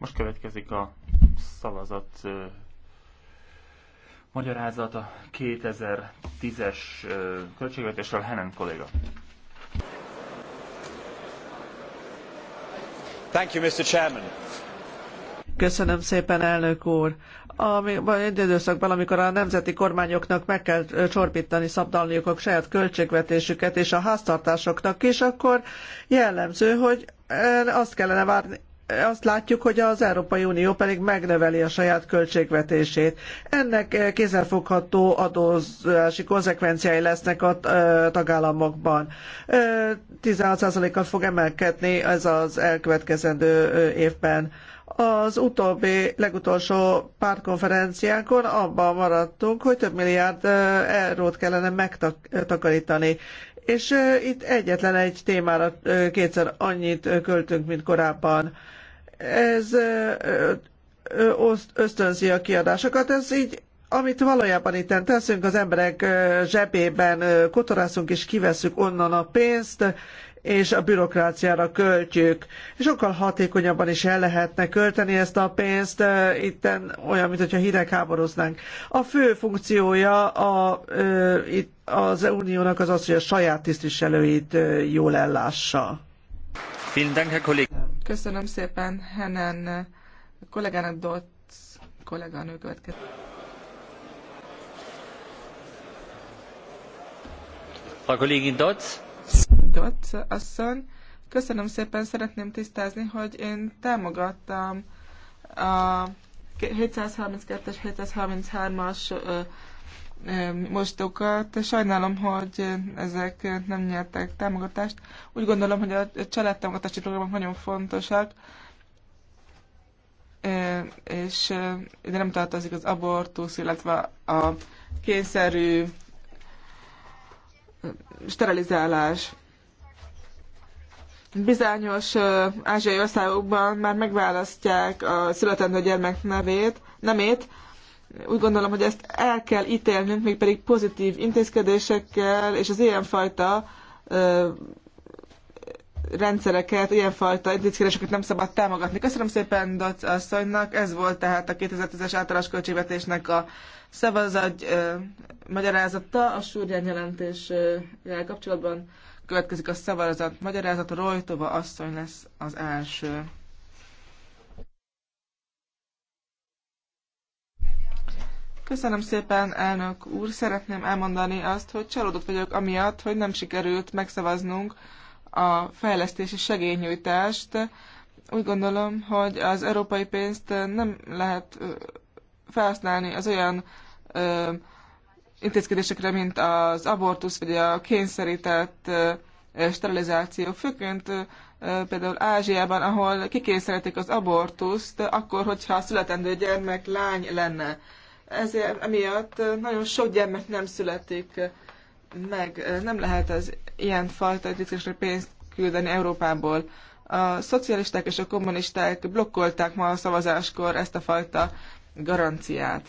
Most következik a szavazat magyarázat a 2010-es költségvetésről Henen kolléga. Thank you, Mr. Chairman. Köszönöm szépen, elnök úr. Amikor egy időszakban, amikor a nemzeti kormányoknak meg kell csorbítani, szabdalniuk a saját költségvetésüket és a háztartásoknak is, akkor jellemző, hogy azt kellene várni, azt látjuk, hogy az Európai Unió pedig megnöveli a saját költségvetését. Ennek kézzelfogható adózási konzekvenciái lesznek a tagállamokban. 16%-kal fog emelkedni ez az elkövetkezendő évben. Az utóbbi, legutolsó pártkonferenciánkon abban maradtunk, hogy több milliárd eurót kellene megtakarítani. És itt egyetlen egy témára kétszer annyit költünk, mint korábban. Ez ösztönzi a kiadásokat, ez így amit valójában itt teszünk, az emberek zsebében kotorászunk és kivesszük onnan a pénzt, és a bürokráciára költjük. Sokkal hatékonyabban is el lehetne költeni ezt a pénzt, itten olyan, mintha hidegháborúznánk. A fő funkciója a, itt az uniónak az az, hogy a saját tisztviselőit jól ellássa. Köszönöm szépen Henen kollégának Dott kolléganő következő. Frau Kollegin Dotz. Dotz asszony. Köszönöm szépen, szeretném tisztázni, hogy én támogattam a 732-es, 733-as mostókat. Sajnálom, hogy ezek nem nyertek támogatást. Úgy gondolom, hogy a családtámogatási programok nagyon fontosak, és ide nem tartozik az abortusz, illetve a kényszerű sterilizálás. Bizonyos ázsiai országokban már megválasztják a születendő gyermek nevét, nemét. Úgy gondolom, hogy ezt el kell ítélnünk, mégpedig pozitív intézkedésekkel, és az ilyenfajta ö, rendszereket, ilyenfajta intézkedéseket nem szabad támogatni. Köszönöm szépen Dac asszonynak, ez volt tehát a 2010-es általános költségvetésnek a szavazat magyarázata a súrján jelentéssel kapcsolatban. Következik a szavazat. Magyarázat Rojtova asszony lesz az első. Köszönöm szépen, elnök úr. Szeretném elmondani azt, hogy csalódott vagyok amiatt, hogy nem sikerült megszavaznunk a fejlesztési segélynyújtást. Úgy gondolom, hogy az európai pénzt nem lehet felhasználni az olyan ö, intézkedésekre, mint az abortusz, vagy a kényszerített sterilizáció, főként például Ázsiában, ahol kikényszerítik az abortuszt, akkor, hogyha a születendő gyermek lány lenne. Ezért emiatt nagyon sok gyermek nem születik meg. Nem lehet az ilyen fajta intézkedésre pénzt küldeni Európából. A szocialisták és a kommunisták blokkolták ma a szavazáskor ezt a fajta garanciát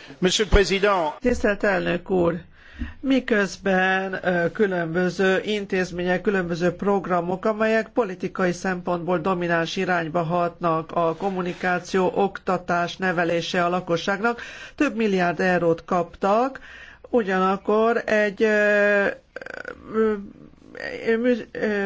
Tisztelt elnök úr! miközben különböző intézmények, különböző programok, amelyek politikai szempontból domináns irányba hatnak a kommunikáció, oktatás, nevelése a lakosságnak, több milliárd eurót kaptak, ugyanakkor egy mű,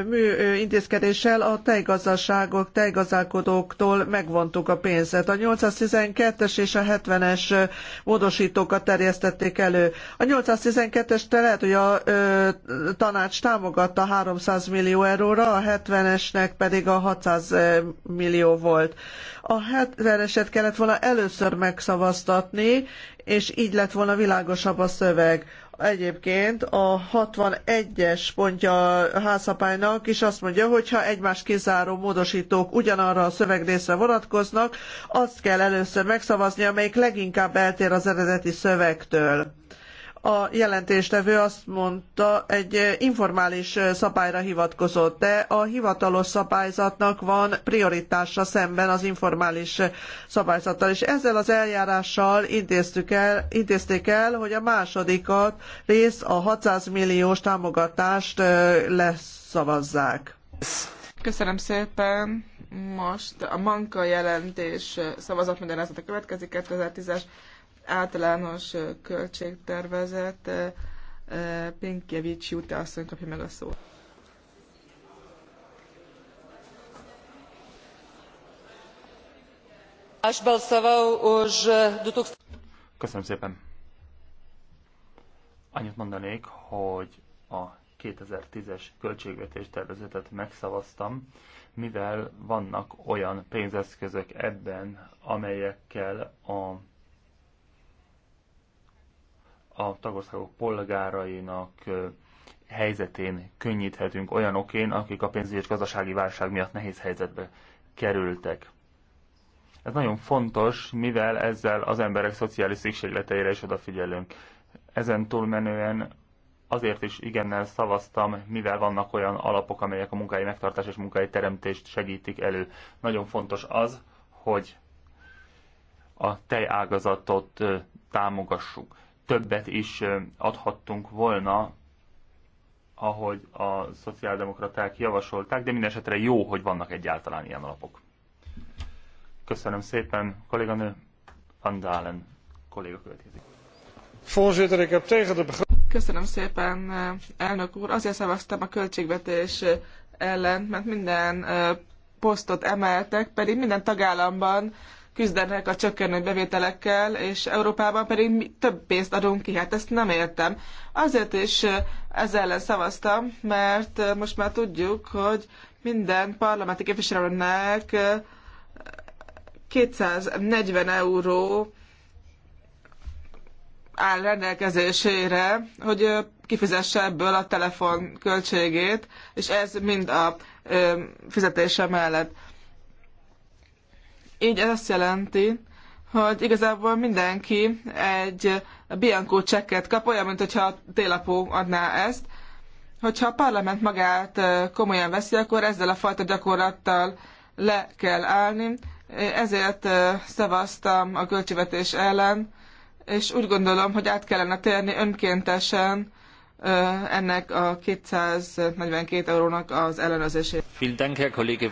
mű intézkedéssel a tejgazdaságok, tejgazdálkodóktól megvontuk a pénzet. A 812-es és a 70-es módosítókat terjesztették elő. A 812-es lehet, hogy a ö, tanács támogatta 300 millió euróra, a 70-esnek pedig a 600 millió volt. A 70-eset kellett volna először megszavaztatni, és így lett volna világosabb a szöveg. Egyébként a 61-es pontja a házapálynak is azt mondja, hogy ha egymás kizáró módosítók ugyanarra a szövegrészre vonatkoznak, azt kell először megszavazni, amelyik leginkább eltér az eredeti szövegtől a jelentéstevő azt mondta, egy informális szabályra hivatkozott, de a hivatalos szabályzatnak van prioritása szemben az informális szabályzattal, és ezzel az eljárással intéztük el, intézték el, hogy a másodikat rész a 600 milliós támogatást leszavazzák. Köszönöm szépen! Most a Manka jelentés szavazatmagyarázata következik 2010-es általános költségtervezet. Pinkjevics Jute asszony kapja meg a szót. Köszönöm szépen. Annyit mondanék, hogy a 2010-es költségvetés tervezetet megszavaztam, mivel vannak olyan pénzeszközök ebben, amelyekkel a a tagországok polgárainak helyzetén könnyíthetünk olyanokén, akik a pénzügyi és gazdasági válság miatt nehéz helyzetbe kerültek. Ez nagyon fontos, mivel ezzel az emberek szociális szükségleteire is odafigyelünk. Ezen túlmenően azért is igennel szavaztam, mivel vannak olyan alapok, amelyek a munkai megtartás és munkai teremtést segítik elő. Nagyon fontos az, hogy a tejágazatot támogassuk többet is adhattunk volna, ahogy a szociáldemokraták javasolták, de minden esetre jó, hogy vannak egyáltalán ilyen alapok. Köszönöm szépen, kolléganő. Van Dalen kolléga következik. Köszönöm szépen, elnök úr. Azért szavaztam a költségvetés ellen, mert minden posztot emeltek, pedig minden tagállamban küzdenek a csökkenő bevételekkel, és Európában pedig mi több pénzt adunk ki. Hát ezt nem értem. Azért is ezzel ellen szavaztam, mert most már tudjuk, hogy minden parlamenti képviselőnek 240 euró áll rendelkezésére, hogy kifizesse ebből a telefon költségét, és ez mind a fizetése mellett. Így ez azt jelenti, hogy igazából mindenki egy Bianco csekket kap, olyan, mint hogyha a télapó adná ezt. Hogyha a parlament magát komolyan veszi, akkor ezzel a fajta gyakorlattal le kell állni. Ezért szavaztam a költségvetés ellen, és úgy gondolom, hogy át kellene térni önkéntesen ennek a 242 eurónak az ellenőrzését. Vielen Dank, Herr Kollege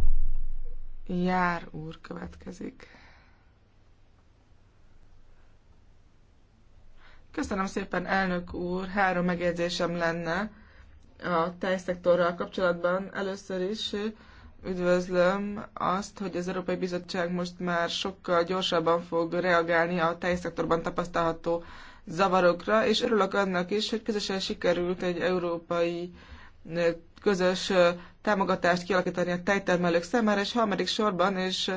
Jár úr következik. Köszönöm szépen, elnök úr. Három megjegyzésem lenne a tejszektorral kapcsolatban. Először is üdvözlöm azt, hogy az Európai Bizottság most már sokkal gyorsabban fog reagálni a tejszektorban tapasztalható zavarokra, és örülök annak is, hogy közösen sikerült egy európai közös támogatást kialakítani a tejtermelők számára, és harmadik sorban, és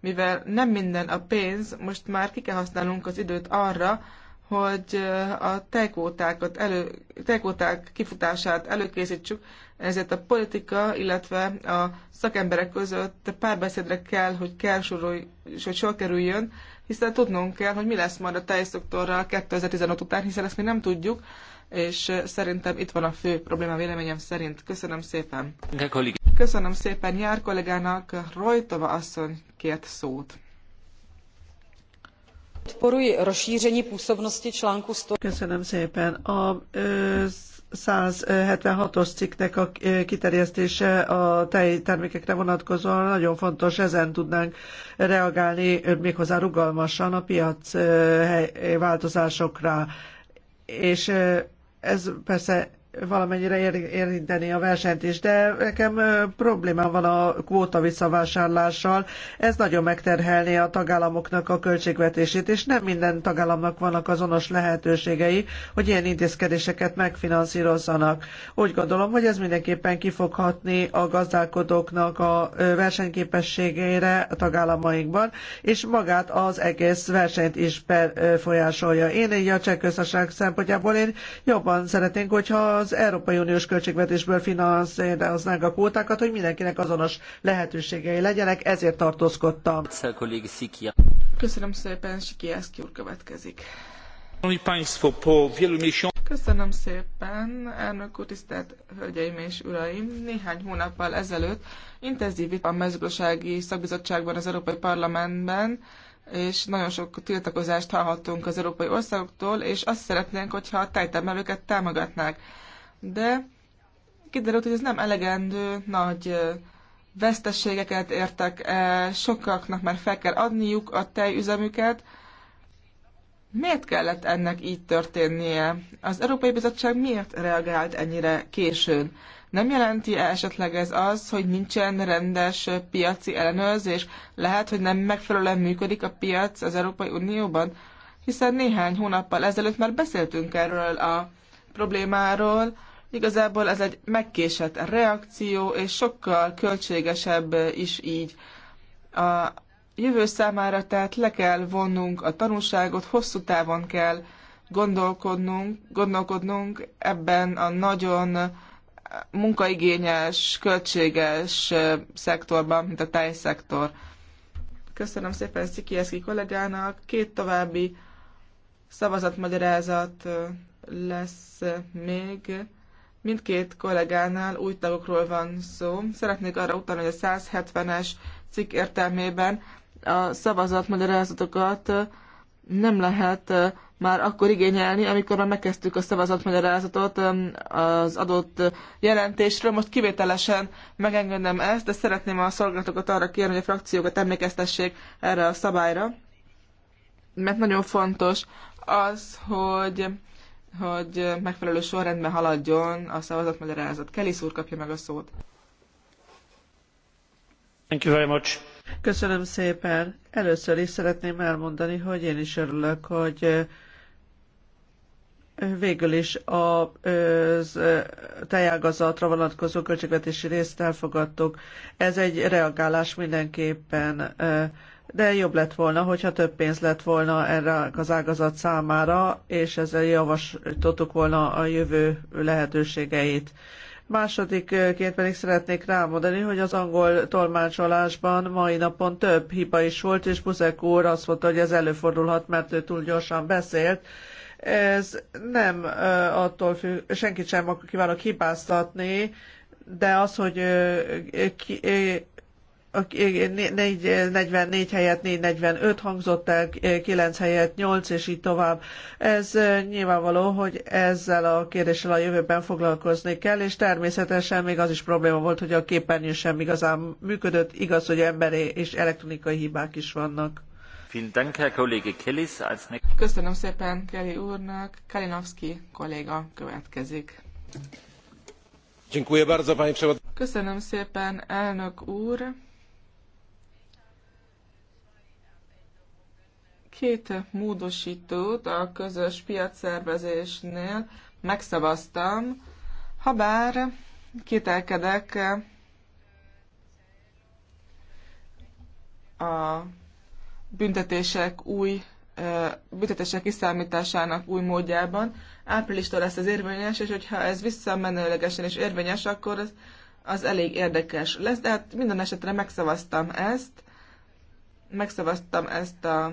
mivel nem minden a pénz, most már ki kell használnunk az időt arra, hogy a tejkótákat elő, tejkóták kifutását előkészítsük, ezért a politika, illetve a szakemberek között párbeszédre kell, hogy, kell sorolj, hogy sor kerüljön, hiszen tudnunk kell, hogy mi lesz majd a tejszoktorral 2015 után, hiszen ezt mi nem tudjuk, és eh, szerintem itt van a fő probléma véleményem szerint. Köszönöm szépen. Köszönöm szépen jár kollégának, Rojtova asszony kért szót. Podporuji rozšíření působnosti článku 100. Köszönöm szépen. A, 176-os cikknek a kiterjesztése a tejtermékekre vonatkozóan nagyon fontos, ezen tudnánk reagálni méghozzá rugalmasan a piac változásokra. És ez persze valamennyire érinteni a versenyt is, de nekem problémám van a kvóta visszavásárlással. Ez nagyon megterhelné a tagállamoknak a költségvetését, és nem minden tagállamnak vannak azonos lehetőségei, hogy ilyen intézkedéseket megfinanszírozzanak. Úgy gondolom, hogy ez mindenképpen kifoghatni a gazdálkodóknak a versenyképességére a tagállamainkban, és magát az egész versenyt is befolyásolja. Én így a cseh szempontjából én jobban szeretnénk, hogyha az Európai Uniós költségvetésből finanszíroznánk a kvótákat, hogy mindenkinek azonos lehetőségei legyenek, ezért tartózkodtam. Köszönöm szépen, Sikiászki úr következik. Köszönöm szépen, elnök úr, tisztelt hölgyeim és uraim! Néhány hónappal ezelőtt intenzív vita a mezőgazdasági szakbizottságban az Európai Parlamentben, és nagyon sok tiltakozást hallhattunk az európai országoktól, és azt szeretnénk, hogyha a tejtermelőket támogatnák de kiderült, hogy ez nem elegendő, nagy veszteségeket értek el, sokaknak már fel kell adniuk a tejüzemüket. Miért kellett ennek így történnie? Az Európai Bizottság miért reagált ennyire későn? Nem jelenti -e esetleg ez az, hogy nincsen rendes piaci ellenőrzés? Lehet, hogy nem megfelelően működik a piac az Európai Unióban? Hiszen néhány hónappal ezelőtt már beszéltünk erről a problémáról, Igazából ez egy megkésett reakció, és sokkal költségesebb is így. A jövő számára tehát le kell vonnunk a tanulságot, hosszú távon kell gondolkodnunk, gondolkodnunk ebben a nagyon munkaigényes, költséges szektorban, mint a tájszektor. Köszönöm szépen Szikieszki kollégának. Két további szavazatmagyarázat lesz még. Mindkét kollégánál új tagokról van szó. Szeretnék arra utalni, hogy a 170-es cikk értelmében a szavazatmagyarázatokat nem lehet már akkor igényelni, amikor már megkezdtük a szavazatmagyarázatot az adott jelentésről. Most kivételesen megengedem ezt, de szeretném a szolgálatokat arra kérni, hogy a frakciókat emlékeztessék erre a szabályra, mert nagyon fontos az, hogy hogy megfelelő sorrendben haladjon a szavazatmagyarázat. Kelly úr kapja meg a szót. Thank you very much. Köszönöm szépen. Először is szeretném elmondani, hogy én is örülök, hogy végül is a tejágazatra vonatkozó költségvetési részt elfogadtuk. Ez egy reagálás mindenképpen de jobb lett volna, hogyha több pénz lett volna erre az ágazat számára, és ezzel javasoltuk volna a jövő lehetőségeit. Másodikként pedig szeretnék rámondani, hogy az angol tolmácsolásban mai napon több hiba is volt, és Buzek úr azt mondta, hogy ez előfordulhat, mert ő túl gyorsan beszélt. Ez nem attól függ, senkit sem kívánok hibáztatni, de az, hogy 44 helyett 445 hangzott el, 9 helyett 8, és így tovább. Ez eh, nyilvánvaló, hogy ezzel a kérdéssel a jövőben foglalkozni kell, és természetesen még az is probléma volt, hogy a képernyő sem igazán működött. Igaz, hogy emberi és elektronikai hibák is vannak. Köszönöm szépen Kelly úrnak. Kalinowski kolléga következik. Köszönöm szépen, elnök úr! két módosítót a közös piacszervezésnél megszavaztam, habár kételkedek a büntetések új büntetések kiszámításának új módjában. Áprilistól lesz az érvényes, és hogyha ez visszamenőlegesen is érvényes, akkor az, az elég érdekes lesz. De hát minden esetre megszavaztam ezt, megszavaztam ezt a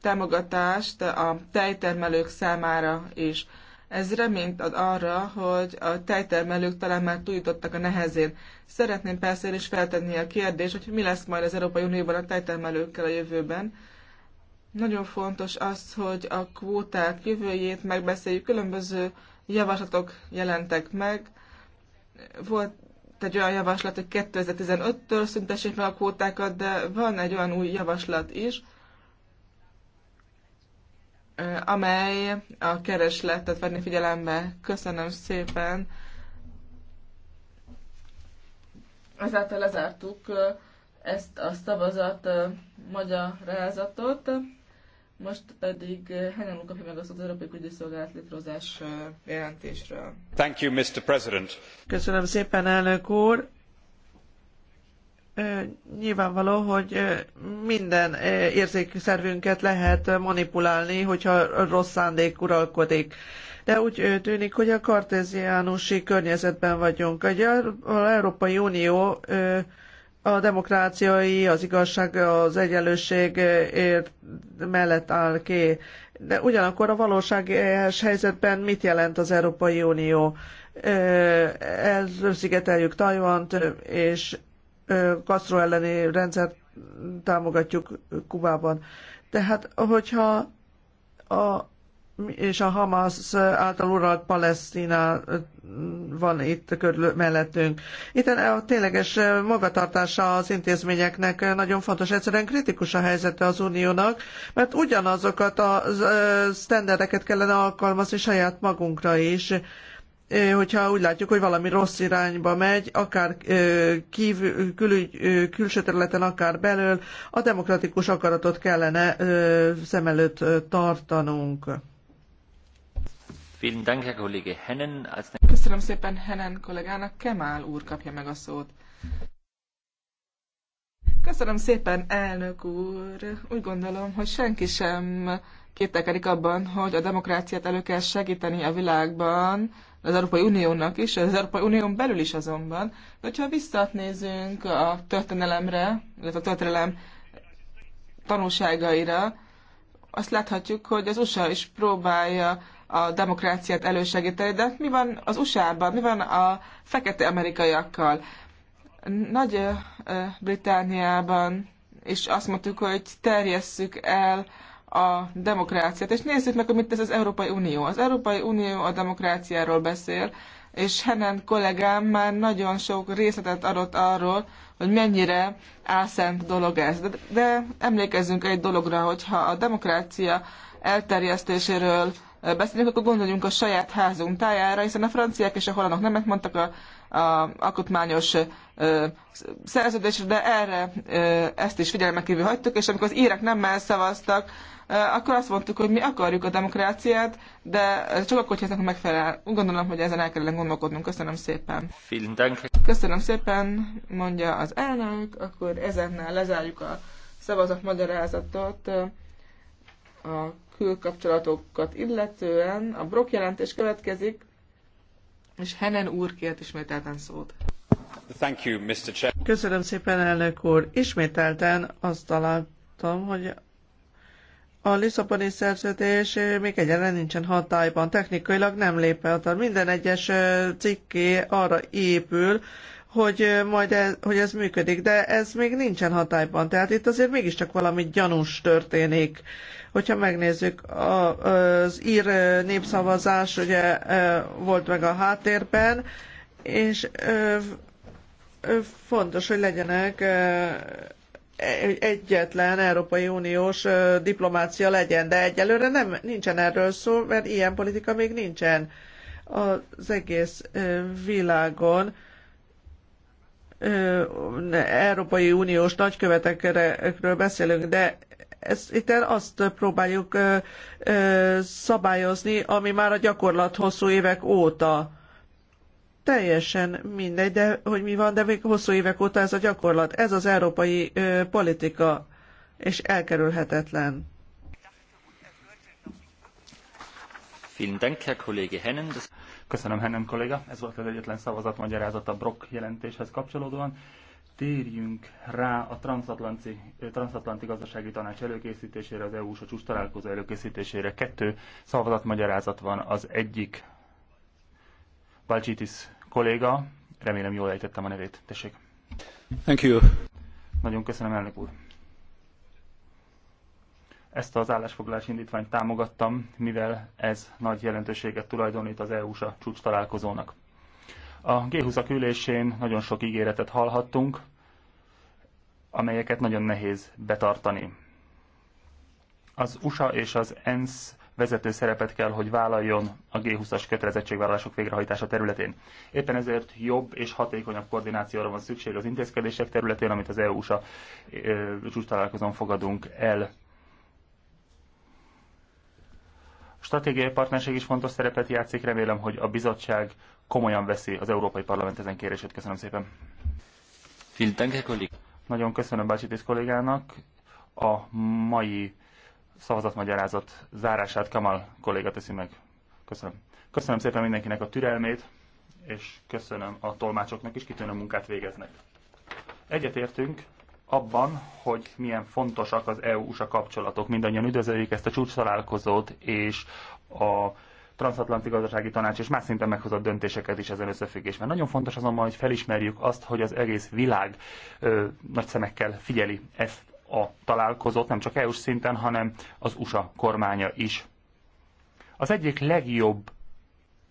támogatást a tejtermelők számára is. Ez reményt ad arra, hogy a tejtermelők talán már túljutottak a nehezén. Szeretném persze is feltenni a kérdést, hogy mi lesz majd az Európai Unióban a tejtermelőkkel a jövőben. Nagyon fontos az, hogy a kvóták jövőjét megbeszéljük. Különböző javaslatok jelentek meg. Volt egy olyan javaslat, hogy 2015-től szüntessék meg a kvótákat, de van egy olyan új javaslat is, amely a keresletet venni figyelembe. Köszönöm szépen. Ezáltal lezártuk ezt a szavazat magyarázatot. Most pedig Hengen úr kapja meg az Európai Külügyi Szolgálat létrehozás jelentésről. Thank you, Mr. President. Köszönöm szépen, elnök úr nyilvánvaló, hogy minden érzékszervünket lehet manipulálni, hogyha rossz szándék uralkodik. De úgy tűnik, hogy a kartéziánusi környezetben vagyunk. hogy az Európai Unió a demokráciai, az igazság, az egyenlőség mellett áll ki. De ugyanakkor a valóságos helyzetben mit jelent az Európai Unió? Elszigeteljük Tajvant, és Castro elleni rendszert támogatjuk Kubában. Tehát, hogyha a, és a Hamas által uralt Palesztina van itt körül mellettünk. Itt a tényleges magatartása az intézményeknek nagyon fontos. Egyszerűen kritikus a helyzete az uniónak, mert ugyanazokat a standardeket kellene alkalmazni saját magunkra is hogyha úgy látjuk, hogy valami rossz irányba megy, akár kívül, kül, külső területen, akár belül, a demokratikus akaratot kellene szem előtt tartanunk. Köszönöm szépen Hennen kollégának. Kemál úr kapja meg a szót. Köszönöm szépen, elnök úr. Úgy gondolom, hogy senki sem kételkedik abban, hogy a demokráciát elő kell segíteni a világban, az Európai Uniónak is, az Európai Unión belül is azonban. Hogyha visszatnézünk a történelemre, illetve a történelem tanulságaira, azt láthatjuk, hogy az USA is próbálja a demokráciát elősegíteni, de mi van az USA-ban, mi van a fekete amerikaiakkal? Nagy-Britániában is azt mondtuk, hogy terjesszük el a demokráciát. És nézzük meg, hogy mit tesz az Európai Unió. Az Európai Unió a demokráciáról beszél, és Henen kollégám már nagyon sok részletet adott arról, hogy mennyire álszent dolog ez. De, de emlékezzünk egy dologra, hogyha a demokrácia elterjesztéséről beszélünk, akkor gondoljunk a saját házunk tájára, hiszen a franciák és a hollandok nemet mondtak a, a alkotmányos ö, szerződésre, de erre ö, ezt is figyelme kívül hagytuk, és amikor az írek nem szavaztak, ö, akkor azt mondtuk, hogy mi akarjuk a demokráciát, de csak akkor, hogyha megfelel. Úgy gondolom, hogy ezen el kellene gondolkodnunk. Köszönöm szépen. Köszönöm szépen, mondja az elnök, akkor ezennel lezárjuk a szavazatmagyarázatot. A külkapcsolatokat illetően a brok jelentés következik, és Henen úr kért ismételten szót. Thank you, Mr. Chair. Köszönöm szépen, elnök úr. Ismételten azt találtam, hogy a Lisszaboni szerződés még egyenlen nincsen hatályban, technikailag nem lép el Minden egyes cikké arra épül, hogy majd ez, hogy ez működik, de ez még nincsen hatályban, tehát itt azért mégiscsak valami gyanús történik. Hogyha megnézzük, a, az ír népszavazás ugye volt meg a háttérben, és fontos, hogy legyenek egyetlen Európai Uniós diplomácia legyen, de egyelőre nem, nincsen erről szó, mert ilyen politika még nincsen az egész világon Európai Uniós nagykövetekről beszélünk, de ezt, itt azt próbáljuk ö, ö, szabályozni, ami már a gyakorlat hosszú évek óta. Teljesen mindegy, de hogy mi van, de még hosszú évek óta ez a gyakorlat. Ez az európai ö, politika, és elkerülhetetlen. Vielen Dank, Herr Kollege Hennen. Köszönöm, Hennem kolléga. Ez volt az egyetlen szavazatmagyarázat a Brock jelentéshez kapcsolódóan. Térjünk rá a transatlanti, eh, transatlanti gazdasági tanács előkészítésére, az EU-s a csúcs találkozó előkészítésére. Kettő szavazatmagyarázat van. Az egyik Balcsitis kolléga, remélem jól ejtettem a nevét. Tessék. Thank you. Nagyon köszönöm, elnök úr. Ezt az állásfoglalás indítványt támogattam, mivel ez nagy jelentőséget tulajdonít az EU-sa csúcs találkozónak. A g 20 ülésén nagyon sok ígéretet hallhattunk, amelyeket nagyon nehéz betartani. Az USA és az ENSZ vezető szerepet kell, hogy vállaljon a G20-as kötelezettségvállalások végrehajtása területén. Éppen ezért jobb és hatékonyabb koordinációra van szükség az intézkedések területén, amit az EU-sa csúcs találkozón fogadunk el. stratégiai partnerség is fontos szerepet játszik. Remélem, hogy a bizottság komolyan veszi az Európai Parlament ezen kérését. Köszönöm szépen. Nagyon köszönöm Bácsitis kollégának. A mai szavazatmagyarázat zárását Kamal kolléga teszi meg. Köszönöm. Köszönöm szépen mindenkinek a türelmét, és köszönöm a tolmácsoknak is, kitűnő munkát végeznek. Egyetértünk, abban, hogy milyen fontosak az EU-USA kapcsolatok. Mindannyian üdvözöljük ezt a csúcs találkozót, és a transatlanti gazdasági tanács és más szinten meghozott döntéseket is ezen összefüggésben. Nagyon fontos azonban, hogy felismerjük azt, hogy az egész világ ö, nagy szemekkel figyeli ezt a találkozót, nem csak EU-s szinten, hanem az USA kormánya is. Az egyik legjobb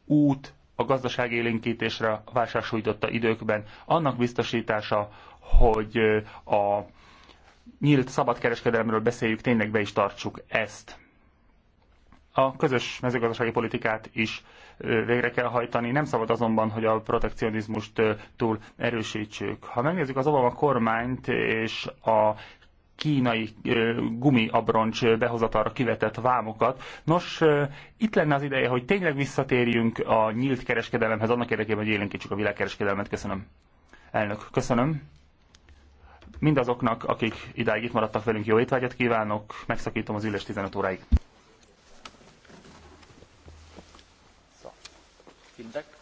út a gazdaságélénkítésre a válság sújtotta időkben, annak biztosítása, hogy a nyílt szabadkereskedelemről beszéljük, tényleg be is tartsuk ezt. A közös mezőgazdasági politikát is végre kell hajtani. Nem szabad azonban, hogy a protekcionizmust túl erősítsük. Ha megnézzük az Obama kormányt és a kínai gumiabroncs behozatalra kivetett vámokat. Nos, itt lenne az ideje, hogy tényleg visszatérjünk a nyílt kereskedelemhez, annak érdekében, hogy élénkítsük a világkereskedelmet. Köszönöm. Elnök, köszönöm. Mindazoknak, akik idáig itt maradtak velünk, jó étvágyat kívánok, megszakítom az ülést 15 óráig. So.